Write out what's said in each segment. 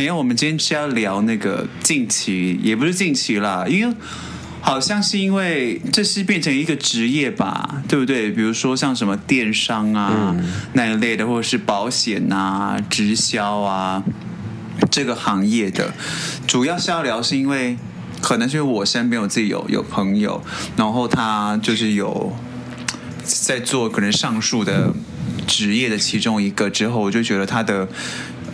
沒有、哎，我們今天是要聊那個近期，也不是近期啦，因為好像是因為這是變成一個職業吧，對不對？比如說像什麼電商啊、嗯、那一類的，或者是保險吶、啊、直銷啊這個行業的，主要是要聊，是因為可能是因為我身邊我自己有有朋友，然後他就是有在做可能上述的職業的其中一個，之後我就覺得他的。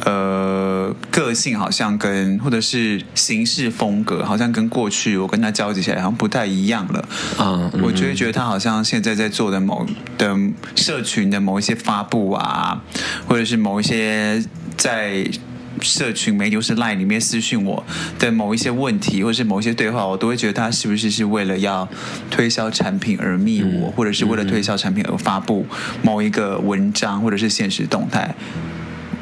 呃，個性好像跟，或者是行事風格好像跟過去我跟他交集起來好像不太一樣了啊。我就會覺得他好像現在在做的某的社群的某一些發布啊，或者是某一些在社群媒體是 Line 裡面私訊我的某一些問題，或者是某一些對話，我都會覺得他是不是是為了要推銷產品而密我，或者是為了推銷產品而發布某一個文章或者是現實動態。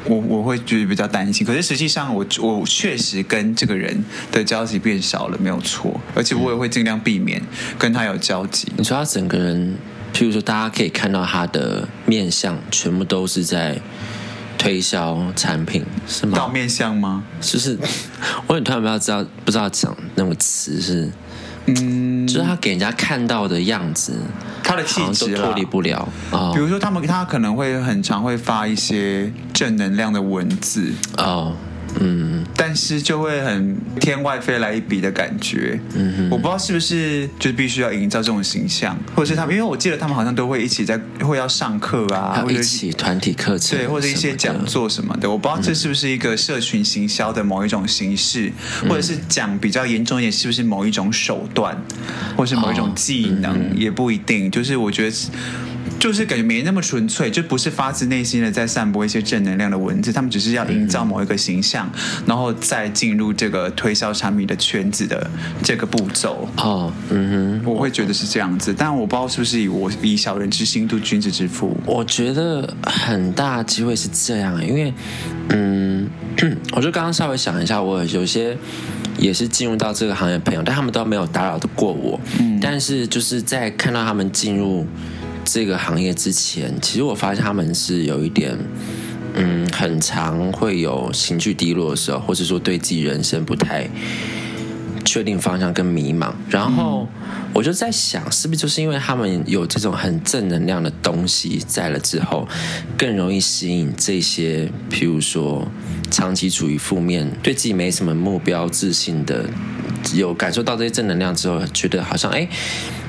我我會覺得比較擔心，可是實際上我我確實跟這個人的交集變少了，沒有錯，而且我也會盡量避免跟他有交集。嗯，你說他整個人，譬如說大家可以看到他的面相，全部都是在推銷產品，是嗎？到面相嗎？就是，我也突然不知道不知道講那個詞是。嗯，就是他給人家看到的樣子，他的氣質脫離不了。哦。比如說，他們他可能會很常會發一些正能量的文字。哦嗯，但是就會很天外飛來一筆的感覺。嗯，我不知道是不是就必須要營造這種形象，嗯、或者是他們，因為我記得他們好像都會一起在，會要上課啊，或一起團體課程，對，或者一些講座什麼的，什麼的。我不知道這是不是一個社群行銷的某一種形式，嗯、或者是講比較嚴重一點，是不是某一種手段，或是某一種技能、哦、也不一定。嗯嗯就是我覺得。就是感覺沒那麼純粹，就不是發自內心的在散播一些正能量的文字，他們只是要營造某一個形象，嗯、然後再進入這個推銷產品的圈子的這個步驟。哦，oh, 嗯哼，我會覺得是這樣子，Okay. 但我不知道是不是以我以小人之心度君子之腹。我覺得很大機會是這樣，因為，嗯， 我就剛剛稍微想一下，我有些也是進入到這個行業的朋友，但他們都沒有打擾的過我。嗯，但是就是在看到他們進入。這個行業之前，其實我發現他們是有一點，嗯，很常會有情緒低落的時候，或者說對自己人生不太確定方向跟迷茫。然後我就在想，是不是就是因為他們有這種很正能量的東西在了之後，更容易吸引這些，譬如說長期處於負面、對自己沒什麼目標、自信的，有感受到這些正能量之後，覺得好像哎。誒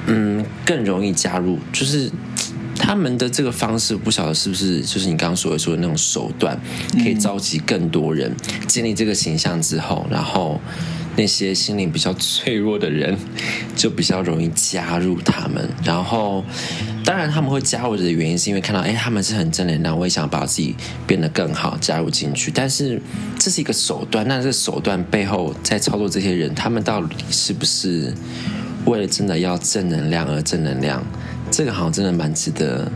嗯，更容易加入，就是他們的這個方式，不曉得是不是就是你剛剛所謂說的那種手段，可以召集更多人、嗯、建立這個形象之後，然後那些心靈比較脆弱的人就比較容易加入他們。然後，當然他們會加入的原因是因為看到，哎、欸，他們是很正能量，我也想把自己變得更好，加入進去。但是這是一個手段，那這個手段背後在操作這些人，他們到底是不是？為了真的要正能量而正能量，這個好像真的蠻值得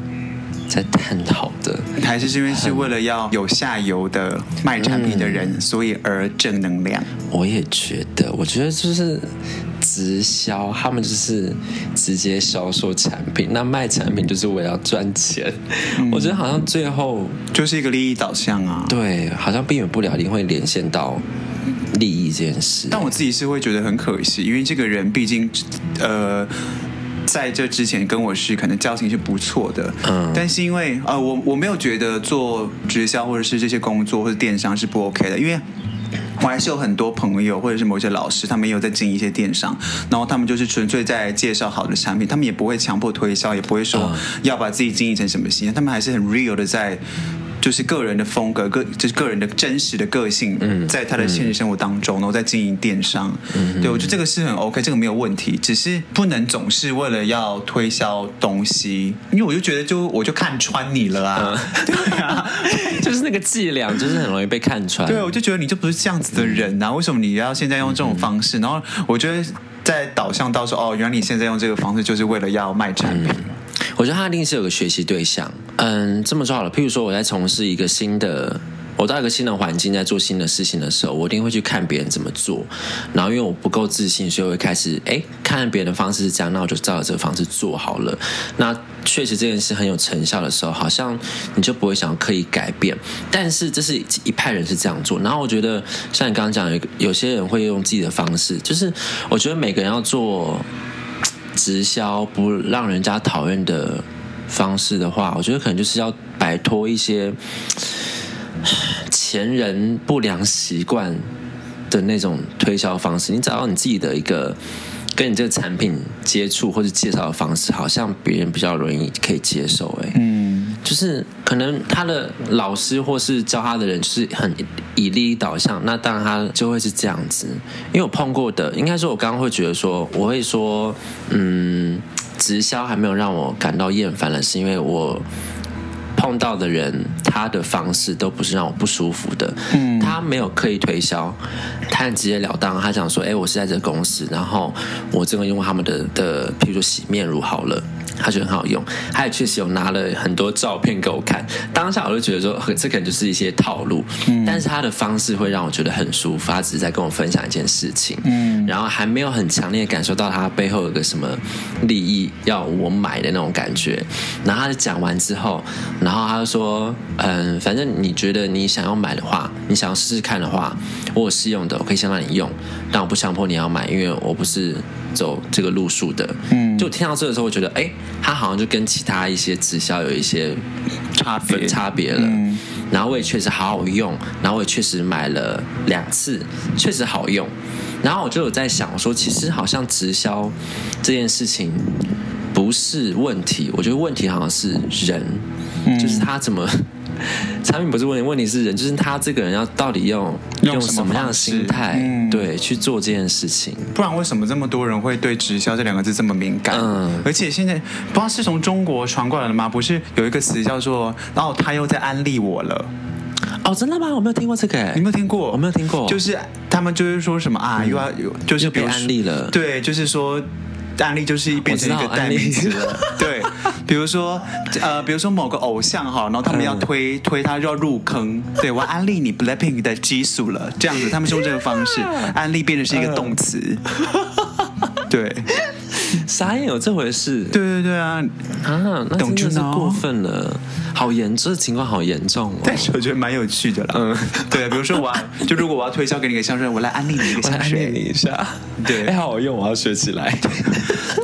在探討的。還是因為是為了要有下游的賣產品的人，嗯、所以而正能量。我也覺得，我覺得就是直銷，他們就是直接銷售產品，那賣產品就是為了要賺錢。嗯、我覺得好像最後就是一個利益導向啊。對，好像避免不了一定會連線到。利益這件事，但我自己是會覺得很可惜，因為這個人畢竟，呃，在這之前跟我是可能交情是不錯的，嗯，但是因為啊、呃，我我沒有覺得做直銷或者是這些工作或者電商是不 OK 的，因為我還是有很多朋友或者是某些老師，他們也有在經營一些電商，然後他們就是純粹在介紹好的產品，他們也不會強迫推銷，也不會說要把自己經營成什麼形象，嗯、他們還是很 real 的在。就是個人的風格，個就是個人的真實的個性，嗯、在他的現實生活當中，然後、嗯、在經營電商，嗯、哼對我覺得這個是很 OK，這個沒有問題，只是不能總是為了要推銷東西，因為我就覺得就我就看穿你了啊，嗯、 對啊， 就是那個伎倆，就是很容易被看穿。對，我就覺得你就不是這樣子的人啊，嗯、為什麼你要現在用這種方式？嗯、哼然後我覺得在導向到說，哦，原來你現在用這個方式就是為了要賣產品。嗯我覺得他一定是有個學習對象。嗯，這麼說好了，譬如說我在從事一個新的，我到一個新的環境，在做新的事情的時候，我一定會去看別人怎麼做。然後因為我不夠自信，所以我會開始，哎、欸，看別人的方式是這樣，那我就照着這個方式做好了。那確實這件事很有成效的時候，好像你就不會想要刻意改變。但是這是一派人是這樣做。然後我覺得像你剛剛講，有有些人會用自己的方式，就是我覺得每個人要做。直銷不讓人家討厭的方式的話，我覺得可能就是要擺脫一些前人不良習慣的那種推銷方式。你找到你自己的一個跟你這個產品接觸或者介紹的方式，好像別人比較容易可以接受、欸。哎，嗯。就是可能他的老師或是教他的人是很以利益導向，那當然他就會是這樣子。因為我碰過的，應該說我剛剛會覺得說，我會說，嗯，直銷還沒有讓我感到厭煩的，是因為我碰到的人他的方式都不是讓我不舒服的。嗯，他沒有刻意推銷，他很直截了當，他想說，哎、欸，我是在這個公司，然後我這個用他們的的，譬如說洗面乳好了。他覺得很好用，他也確實有拿了很多照片給我看，當下我就覺得說，這可能就是一些套路。但是他的方式會讓我覺得很舒服，他只是在跟我分享一件事情。然後還沒有很強烈的感受到他背後有個什麼利益要我買的那種感覺。然後他講完之後，然後他就說，嗯、呃，反正你覺得你想要買的話，你想要試試看的話，我有試用的，我可以先讓你用，但我不強迫你要買，因為我不是。走這個路數的，嗯，就聽到這個時候，我覺得，哎、欸，它好像就跟其他一些直銷有一些差別差別了。然後我也確實好好用，然後我也確實買了兩次，確實好用。然後我就有在想說，說其實好像直銷這件事情不是問題，我覺得問題好像是人。嗯、就是他怎麼產品不是問題，問題是人，就是他這個人要到底要用，用，用什麼樣的心態、嗯、對去做這件事情？不然為什麼這麼多人會對“直銷”這兩個字這麼敏感？嗯，而且現在不知道是從中國傳過來的嗎？不是有一個詞叫做“然後他又在安利我了”？哦，真的嗎？我沒有聽過這個耶，你沒有聽過？我沒有聽過。就是他們就是說什麼啊，嗯、又要就是被安利了？對，就是說。安利就是變成一個代名詞了，對，比如說 呃，比如說某個偶像哈，然後他們要推推他就要入坑，對我安利你 Blackpink 的激素了，這樣子，他們是用這個方式，安利 變得是一個動詞， 對。啥也有這回事，對對對啊，啊，那真的是過分了，you know? 好嚴重，這情況好嚴重，哦，但是我覺得蠻有趣的啦。嗯， 對，比如說我，就如果我要推銷給你一個香水，我來安利你一個香水，安利你一下，對，還、欸、好，好用，我要學起來。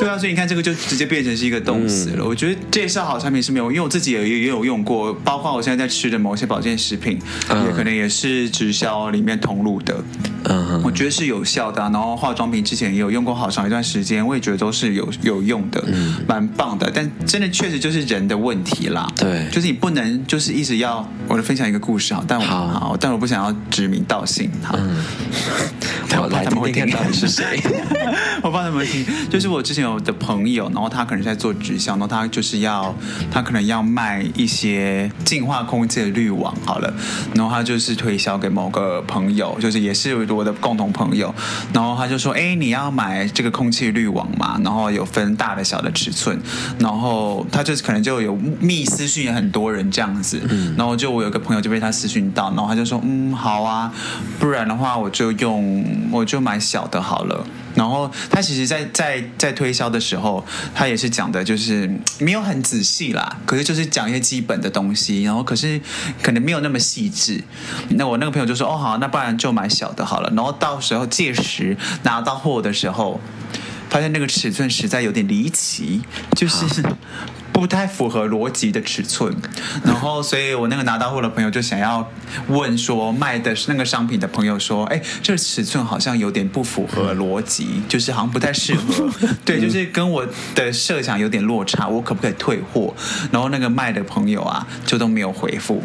對啊，所以你看這個就直接變成是一個動詞了。嗯，我覺得介紹好產品是沒有，因為我自己也也有用過，包括我現在在吃的某些保健食品，也、嗯，可能也是直銷裡面通路的。嗯，uh huh. 我覺得是有效的，啊。然後化妝品之前也有用過好長一段時間，我也覺得都是有有用的，嗯、蠻棒的。但真的確實就是人的問題啦。對，就是你不能就是一直要。我來分享一個故事哈，但我好，好，但我不想要指名道姓哈。好 uh huh. 我怕他們會聽到你是誰， 我怕他們會聽，就是我之前有的朋友，然後他可能是在做直銷，然後他就是要，他可能要賣一些淨化空氣的濾網，好了，然後他就是推銷給某個朋友，就是也是我的共同朋友，然後他就說，哎、欸，你要買這個空氣濾網嘛？然後有分大的小的尺寸，然後他就是可能就有密私訊也很多人這樣子，然後就我有個朋友就被他私訊到，然後他就說，嗯，好啊，不然的話我就用。我就買小的好了，然後他其實在、在在在推銷的時候，他也是講的，就是沒有很仔細啦，可是就是講一些基本的東西，然後可是可能沒有那麼細緻。那我那個朋友就說，哦好，那不然就買小的好了。然後到時候屆時拿到貨的時候，發現那個尺寸實在有點離奇，就是。不太符合邏輯的尺寸，然後，所以我那個拿到貨的朋友就想要問說，賣的那個商品的朋友說，哎，這個、尺寸好像有點不符合邏輯，就是好像不太適合， 對，就是跟我的設想有點落差，我可不可以退貨？然後那個賣的朋友啊，就都沒有回復。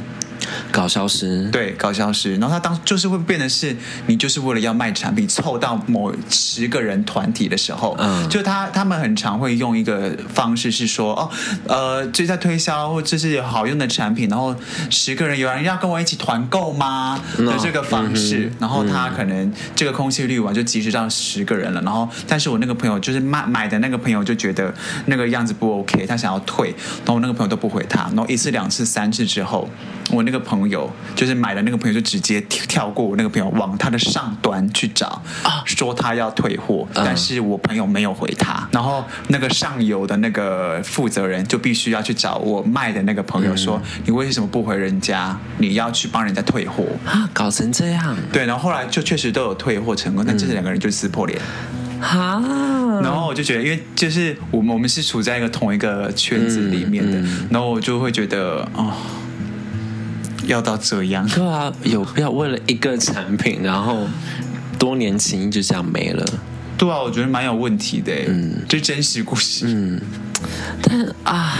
搞消失，對，搞消失。然後他當就是會變得是，你就是為了要賣產品，湊到某十個人團體的時候，嗯，就他他們很常會用一個方式是說，哦，呃，就在推銷，或者是有好用的產品，然後十個人有人要跟我一起團購嗎？哦、的這個方式，嗯嗯、然後他可能這個空氣濾網就集齊到十個人了，然後但是我那個朋友就是賣買，買的那個朋友就覺得那個樣子不 OK，他想要退，然後我那個朋友都不回他，然後一次兩次三次之後。我那個朋友就是買的那個朋友，就直接跳過我那個朋友，往他的上端去找，啊、說他要退貨，但是我朋友沒有回他，啊、然後那個上游的那個負責人就必須要去找我賣的那個朋友說，說、嗯、你為什麼不回人家？你要去幫人家退貨？啊，搞成這樣？對，然後後來就確實都有退貨成功，但就是兩個人就撕破臉。好、嗯，然後我就覺得，因為就是我們我們是處在一個同一個圈子裡面的，嗯嗯、然後我就會覺得哦。要到這樣，對啊，有必要為了一個產品，然後多年情誼就這樣沒了？對啊，我覺得蠻有問題的欸，嗯，就真實故事，嗯，但啊，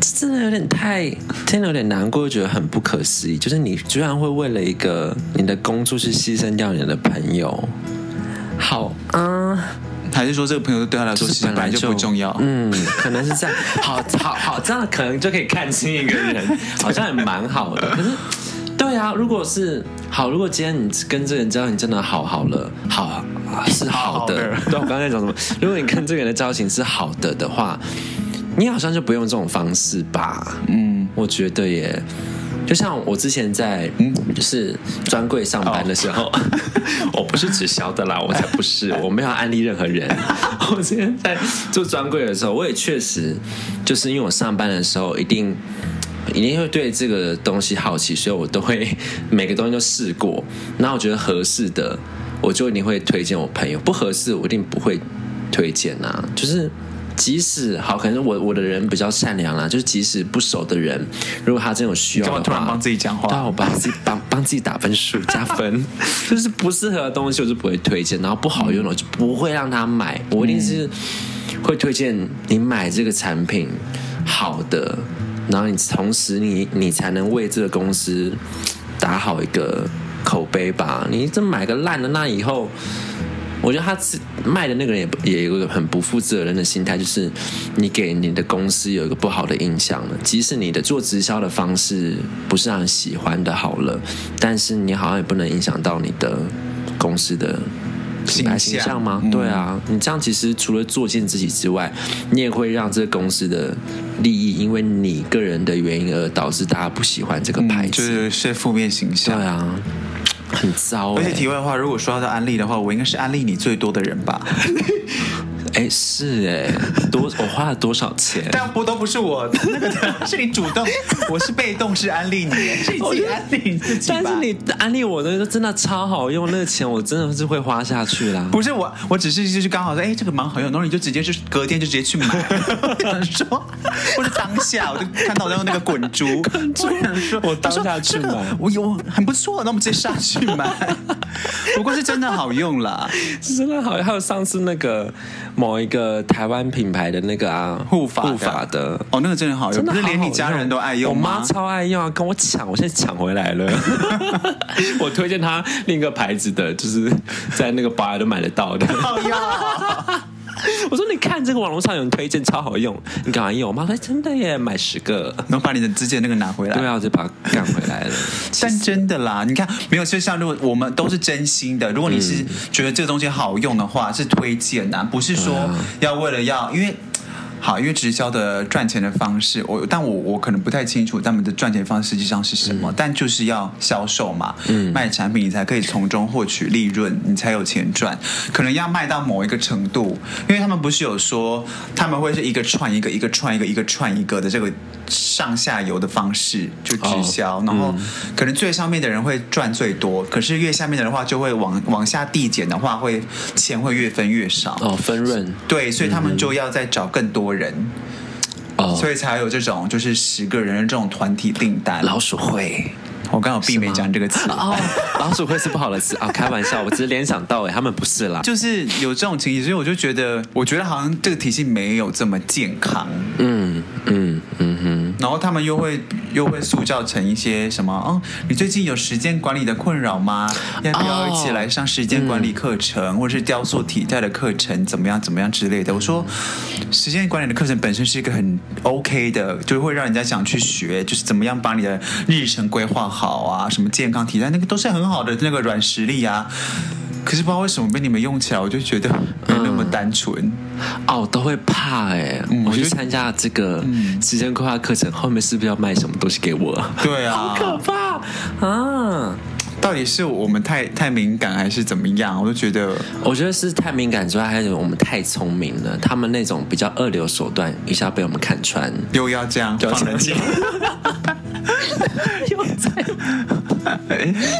這真的有點太，真的有點難過，覺得很不可思議，就是你居然會為了一個你的工作去犧牲掉你的朋友，好啊。Uh. 還是說這個朋友對他來說其實本來就不重要，嗯，可能是這樣，好，好好，好這樣可能就可以看清一個人，好像也蠻好的。對可是，對啊，如果是好，如果今天你跟這個人交情真的好好了，好是好的。好好的對我、啊、剛才講什麼？如果你跟這個人的交情是好的的話，你好像就不用這種方式吧？嗯，我覺得耶。就像我之前在嗯，就是專櫃上班的時候，Oh. 我不是直銷的啦，我才不是，我沒有安利任何人。我之前在做專櫃的時候，我也確實就是因為我上班的時候一定一定會對這個東西好奇，所以我都會每個東西都試過。那我覺得合適的，我就一定會推薦我朋友；不合適，我一定不會推薦吶、啊。就是。即使好，可能是我我的人比較善良啦、啊，就是即使不熟的人，如果他真有需要的話，突然幫自己講話，突然我幫自己幫幫自己打分數加分， 就是不適合的東西我是不會推薦，然後不好用的、嗯、我就不會讓他買，我一定是會推薦你買這個產品好的，然後你同時你你才能為這個公司打好一個口碑吧。你這買個爛的，那以後。我覺得他賣的那個人也也有一個很不負責任的心態，就是你給你的公司有一個不好的印象了，即使你的做直銷的方式不是很喜歡的好了，但是你好像也不能影響到你的公司的品牌形象嗎？象，對啊，嗯、你這樣其實除了作踐自己之外，你也會讓這個公司的利益因為你個人的原因而導致大家不喜歡這個牌子，嗯、就是負面形象。對啊。很糟。欸，而且題外話，如果說到安利的話，我應該是安利你最多的人吧？ 哎，是哎，多我花了多少錢？但不都不是我的、那個，是你主動，我是被動，是安利你， 是你自己安利你自己吧？但是你安利我的真的超好用，那個、錢我真的是會花下去啦。不是我，我只是就是剛好說，哎，這個蠻好用，然後你就直接就隔天就直接去買。說，不是當下我就看到我在用那個滾珠，滾珠，我當下去買說，我有很不錯，那 後我們直接下去買。不過是真的好用啦，是 真的好用。還有上次那個。某一個台灣品牌的那個啊護髮護髮的哦，的 oh, 那個真的好，真的不是連你家人都愛用， 我媽超愛用啊，跟我搶，我現在搶回來了。 我推薦她另一個牌子的，就是在那個寶雅都買得到的，好用。我說，你看這個網絡上有人推薦，超好用，你幹嘛用？我媽說真的耶，買十個，能把你的指甲那個拿回來。 對啊，我就把它趕回來了，但真的啦。實你看，沒有，就像如果我們都是真心的，如果你是覺得這個東西好用的話，嗯、是推薦吶、啊，不是說要為了要、嗯、因為。好，因為直銷的賺錢的方式，我但我我可能不太清楚他們的賺錢的方式實際上是什麼，嗯、但就是要銷售嘛，嗯、賣產品你才可以從中獲取利潤，你才有錢賺。可能要賣到某一個程度，因為他們不是有說他們會是一個串一個，一個串一個，一個串一個的這個上下游的方式就直銷，哦、然後可能最上面的人會賺最多，嗯、可是越下面的話就會往往下遞減的話會，會錢會越分越少，哦，分潤。對，所以他們就要再找更多人。嗯嗯人，哦，所以才有這種就是十個人的這種團體訂單、老鼠會，我剛好避免講這個詞啊，哦、 老鼠會是不好的詞啊、哦，開玩笑，我只是聯想到誒、欸，他們不是啦，就是有這種情形，所以我就覺得，我覺得好像這個體系沒有這麼健康，嗯。嗯嗯哼，然後他們又會又會塑造成一些什麼？哦、嗯，你最近有時間管理的困擾嗎？要不要一起來上時間管理課程，或者是雕塑體態的課程？怎麼樣？怎麼樣之類的？我說時間管理的課程本身是一個很 OK 的，就是會讓人家想去學，就是怎麼樣把你的日程規劃好啊？什麼健康體態，那個都是很好的那個軟實力啊。可是不知道為什麼被你們用起來，我就覺得沒那麼單純。哦，我都會怕哎！嗯、我去參加這個時間規劃課程，嗯、後面是不是要賣什麼東西給我？對啊， 好可怕啊！到底是我們太太敏感還是怎麼樣？我就覺得，我覺得是太敏感之外，還是我們太聰明了。他們那種比較二流手段，一下被我們看穿，又要這樣，要 又要這樣。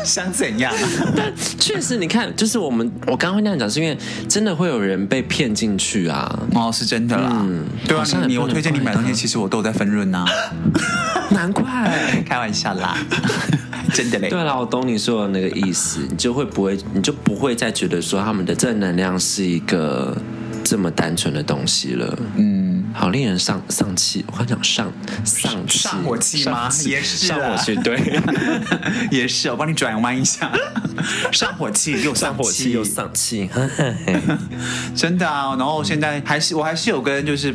想 怎樣？ 但確實，你看，就是我們，我剛剛那樣講，是因為真的會有人被騙進去啊！哦，是真的啦。嗯、對啊，像你我推薦你買東西，其實我都有在分潤吶、啊。 難怪， 開玩笑啦， 真的嘞咧。對啊，我懂你說的那個意思，你就會不會，你就不會再覺得說他們的正能量是一個這麼單純的東西了，嗯。好令人喪喪氣，我剛講上上氣上火氣嗎？也是上火氣，對， 也是我幫你轉彎一下，上火氣又上火氣又喪氣，真的啊。然後現在還是、嗯、我還是有跟就是。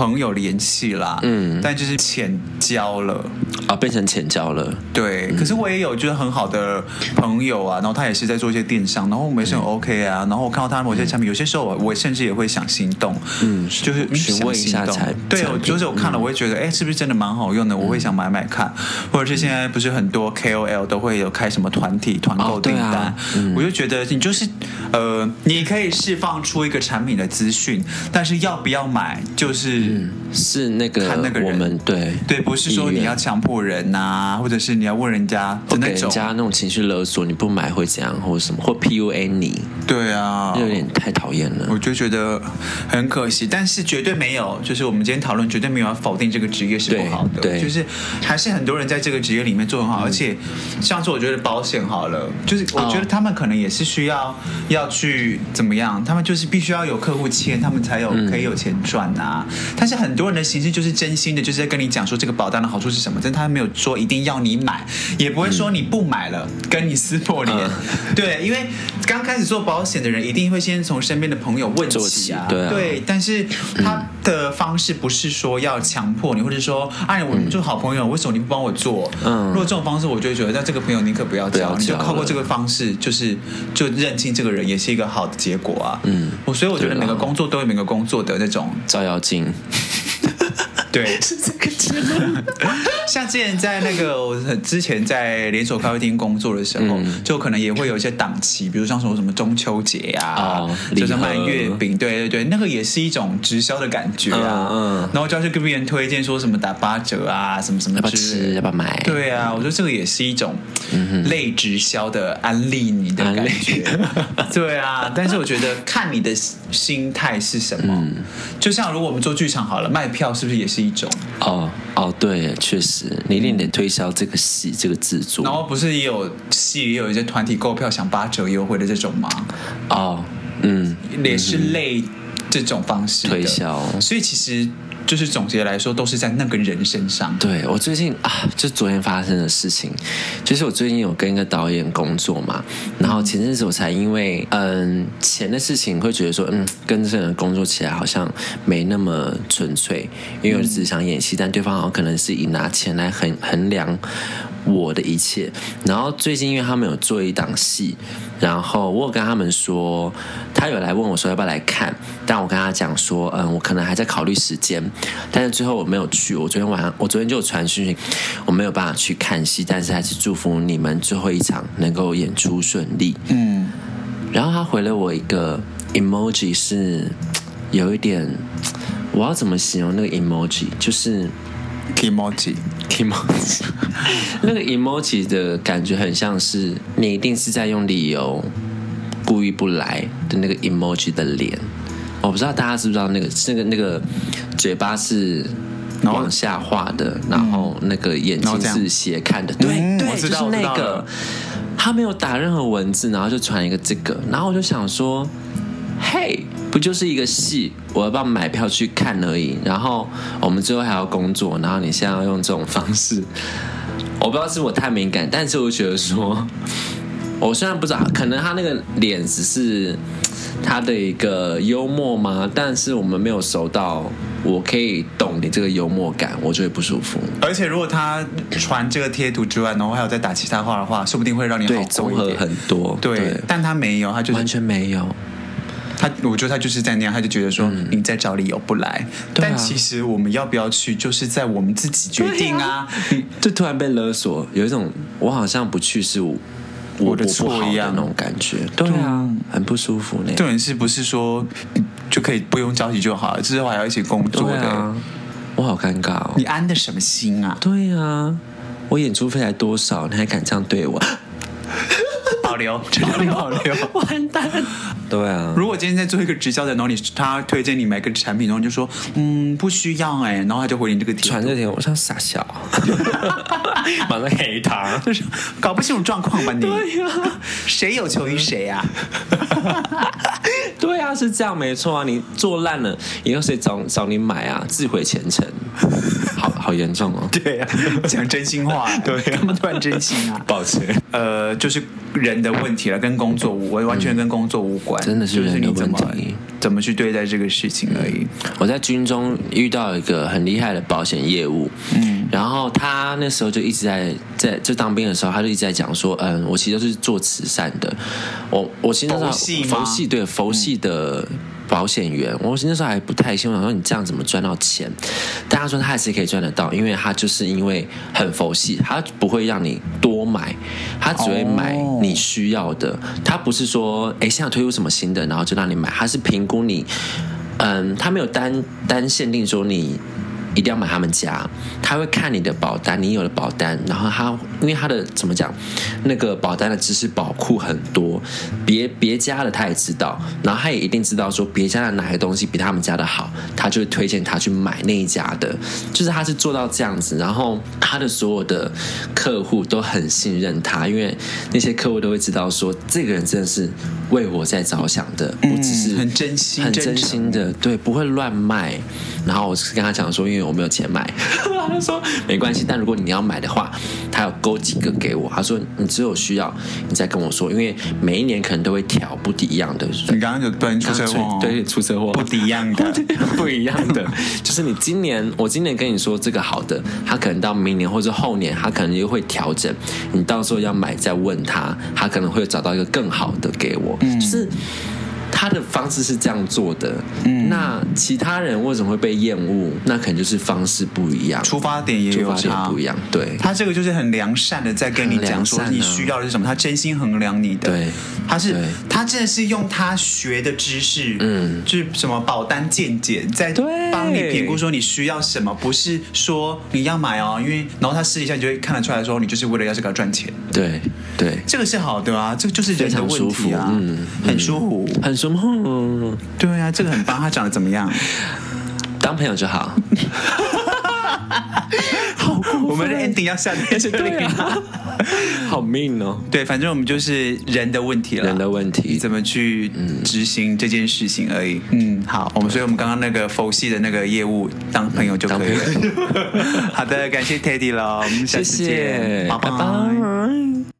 朋友聯繫啦，嗯，但就是淺交了啊，變成淺交了。對，可是我也有就是很好的朋友啊，然後他也是在做一些電商，然後也是很 OK 啊。然後我看到他某些產品，有些時候我甚至也會想心動，嗯，就是想一下產品。對，就是我看了，我會覺得，哎，是不是真的蠻好用的？我會想買買看。或者是現在不是很多 KOL 都會有開什麼團體團購訂單，我就覺得你就是呃，你可以釋放出一個產品的資訊，但是要不要買就是。嗯，是那個我們看那個人，對對，不是說你要強迫人吶，啊，院或者是你要問人家，給 Okay, 人家那種情緒勒索，你不買會怎樣或者什麼，或 PUA 你，對啊，就有點太討厭了。我就覺得很可惜，但是絕對沒有，就是我們今天討論絕對沒有要否定這個職業是不好的，對，對就是還是很多人在這個職業裡面做很好，嗯，而且像是我覺得保險好了，就是我覺得他們可能也是需要要去怎麼樣，他們就是必須要有客戶簽，他們才有，嗯，可以有錢賺啊。但是很多人的形式就是真心的，就是在跟你講說這個保單的好處是什麼，但他沒有說一定要你買，也不會說你不買了跟你撕破臉，嗯、對，因為。剛開始做保險的人，一定會先從身邊的朋友問起啊，起對，啊對，但是他的方式不是說要強迫你，或者說哎，我們做好朋友，為什麼你不幫我做？嗯，如果這種方式，我就覺得那這個朋友寧可不要交，要教你就靠過這個方式，就是就認清這個人，也是一個好的結果啊。嗯，我、啊、所以我覺得每個工作都有每個工作的那種照妖鏡。對，是這個情況。像之前在那個，我之前在連鎖咖啡廳工作的時候，嗯、就可能也會有一些檔期，比如像什麼什麼中秋節啊，哦、就是賣月餅，對對對，那個也是一種直銷的感覺啊。嗯嗯、然後就要去跟別人推薦，說什麼打八折啊，什麼什麼之類的。要買，對啊，我覺得這個也是一種類直銷的安利你的感覺。嗯、 對啊，但是我覺得看你的心態是什麼。嗯、就像如果我們做劇場好了，賣票是不是也是？一種哦哦，oh, oh, 對，確實，你一定得推銷這個戲，嗯、這個製作。然後不是也有戲，也有一些團體購票想八折優惠的這種嗎？哦，oh, 嗯，也是類、嗯、哼這種方式推銷銷，所以其實。就是總結來說，都是在那個人身上。對，我最近啊，就昨天發生的事情，就是我最近有跟一個導演工作嘛，然後前陣子我才因為嗯錢的事情，會覺得說嗯跟這個人工作起來好像沒那麼純粹，因為我只是想演戲，但對方好像可能是以拿錢來衡衡量我的一切。然後最近，因為他們有做一檔戲，然後我有跟他們說，他有來問我說要不要來看，但我跟他講說，嗯，我可能還在考慮時間。但是最後我沒有去。我昨天晚上，我昨天就有傳訊息，我沒有辦法去看戲，但是還是祝福你們最後一場能夠演出順利。嗯。然後他回了我一個 emoji，是有一點，我要怎麼形容那個 emoji？就是。emoji emoji 那個 emoji 的感覺很像是你一定是在用理由故意不來的那個 emoji 的臉，哦，我不知道大家知不知道那個是那個那個嘴巴是往下畫的，oh. 然後那個眼睛是斜看的，對、oh. 對，是那個我知道他沒有打任何文字，然後就傳一個這個，然後我就想說，嘿、hey。不就是一個戲，我要把買票去看而已。然後我們之後還要工作。然後你現在要用這種方式，我不知道是,不是我太敏感，但是我覺得說，我雖然不知道，可能他那個臉只是他的一個幽默嗎？但是我們沒有熟到，我可以懂你這個幽默感，我覺得不舒服。而且如果他傳這個貼圖之外，然後還有再打其他話的話，說不定會讓你好綜合很多。對，對但他沒有，他就是、完全沒有。他，我覺得他就是在那樣，他就覺得說、嗯、你在找理由不來。對啊，但其實我們要不要去，就是在我們自己決定啊，啊。就突然被勒索，有一種我好像不去是我我的錯一樣那種感覺。對啊，對啊很不舒服那樣。重點是，不是說就可以不用交集就好了，至少還要一起工作的。我好尷尬、哦，你安的什麼心啊？對啊，我演出費才多少，你還敢這樣對我？ 留真的好留，完蛋。對啊，如果今天在做一個直銷的，哪裡他推薦你買個產品，然後就說，嗯，不需要哎、欸，然後他就回你這個傳着點，我想傻笑，哈哈哈哈哈，滿是黑糖，就是 搞不清楚狀況吧你？對啊，誰有求於誰啊？哈哈哈哈哈，對啊，是這樣沒錯啊，你做爛了以後誰找找你買啊？自毀前程。好嚴重哦！ 對啊，講真心話，欸， 對、啊，幹嘛突然真心啊？抱歉，呃，就是人的問題了，跟工作，我完全跟工作無關，嗯、真的是人的問題，就是你怎麼怎麼去對待這個事情，而已。嗯、我在軍中遇到一個很厲害的保險業務，嗯，然後他那時候就一直在在，就當兵的時候，他就一直在講說，嗯，我其實都是做慈善的，我我其實是佛系，佛系對，佛系的。嗯保險員，我那時候還不太清楚，說你這樣怎麼賺到錢？大家說他還是可以賺得到，因為他就是因為很佛系，他不會讓你多買，他只會買你需要的，Oh. 他不是說哎，欸，現在推出什麼新的，然後就讓你買，他是評估你，嗯，他沒有單單限定說你。一定要買他們家，他會看你的保單，你有的保單，然後他，因為他的怎麼講，那個保單的知識寶庫很多，別別家的他也知道，然後他也一定知道說別家的哪些東西比他們家的好，他就會推薦他去買那一家的，就是他是做到這樣子，然後他的所有的客戶都很信任他，因為那些客戶都會知道說這個人真的是為我在着想的，我、嗯、只是很真心，很真心的，真正，對，不會亂賣。然後我是跟他講說，因為。我沒有錢買，他說沒關係。但如果你要買的話，他要勾幾個給我。他說你只有需要你再跟我說，因為每一年可能都會調，不一樣的。你剛剛有出車禍，對，出車禍，不一樣的，不一樣的。就是你今年，我今年跟你說這個好的，他可能到明年或者後年，他可能又會調整。你到時候要買再問他，他可能會找到一個更好的給我。嗯，就是。他的方式是這樣做的，嗯、那其他人為什麼會被厭惡？那肯定就是方式不一樣，出發點也有點也不一樣。對，他這個就是很良善的在跟你講說你需要的是什麼，他真心衡量你的。嗯、是對，他是他真的是用他學的知識，嗯，就是什麼保單見解在幫你評估說你需要什麼，不是說你要買哦，因為然後他試一下，你就會看得出來，說你就是為了要這個賺錢。對。對，這個是好的啊，這個就是人的問題啊，很舒服，很舒服，對啊，這個很棒。他長得怎麼樣？當朋友就好。好，我們的 ending 要下天，對啊。好 mean 哦，對，反正我們就是人的問題了，人的問題，怎麼去執行這件事情而已。嗯，好，我們，所以我們剛剛那個佛系的那個業務，當朋友就可以了。好的，感謝 Teddy 了，我們下次見，拜拜。